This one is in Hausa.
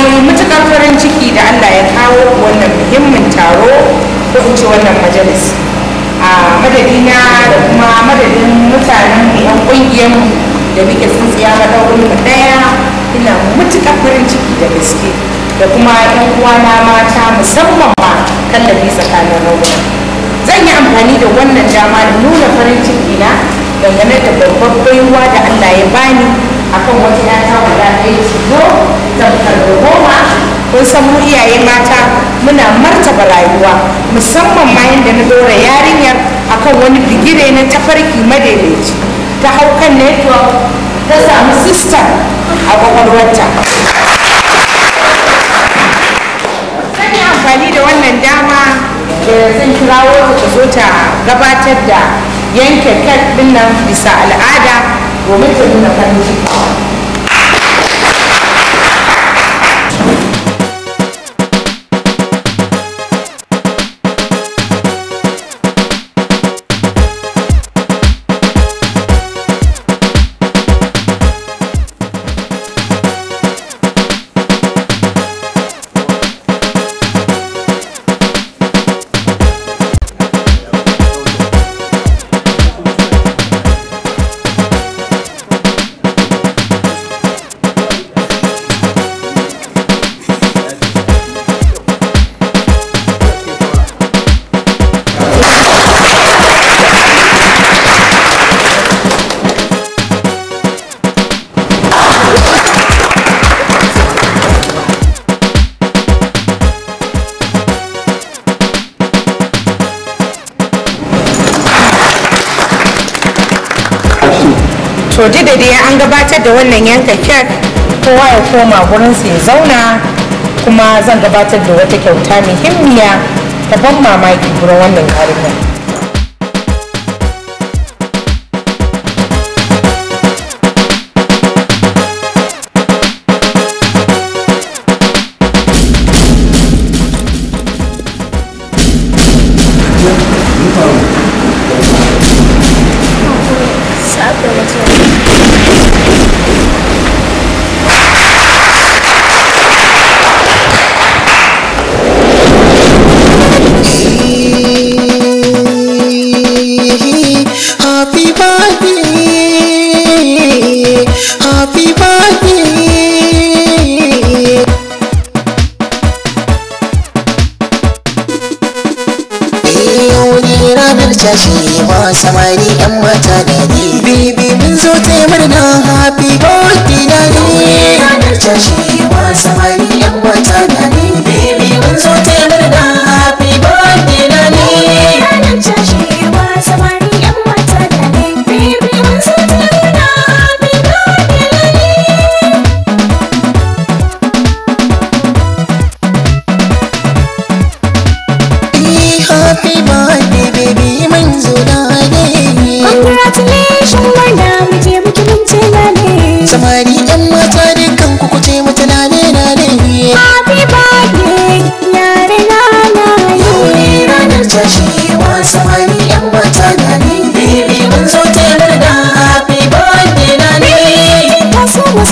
yi matuƙar farin ciki da allah ya kawo wannan muhimmin taro ko in ce wannan majalis a madadina da kuma madadin mutanen yan ƙungiyar da muke tsintsiya ɗaukar mu ɗaya ina matuƙar farin ciki da gaske da kuma ɗan uwana mata musamman ma kallabi tsakanin rauni zan yi amfani da wannan dama da nuna farin ciki na dangane da babbar baiwa da allah ya bani akan wata yata guda ɗaya mun mu iyaye mata muna martaba rayuwa musamman ma yadda na dora yarinyar akan wani bigire na tafarki madaidaici ta hau kan network ta samu sistan a kwakwalwarta zan yi amfani da wannan dama da zan kirawo ta zo ta gabatar da yanke kan dinnan bisa al'ada domin ta nuna farin ciki to duk da dai an gabatar da wannan yanka kek kowa ya koma gurinsa ya zauna kuma zan gabatar da wata kyauta muhimmiya ta ban mamaki gurin wannan yarinyar ranar cashe ma samari yan mata da ni bibi mun zo ta murna happy birthday da ni ranar cashe ma samari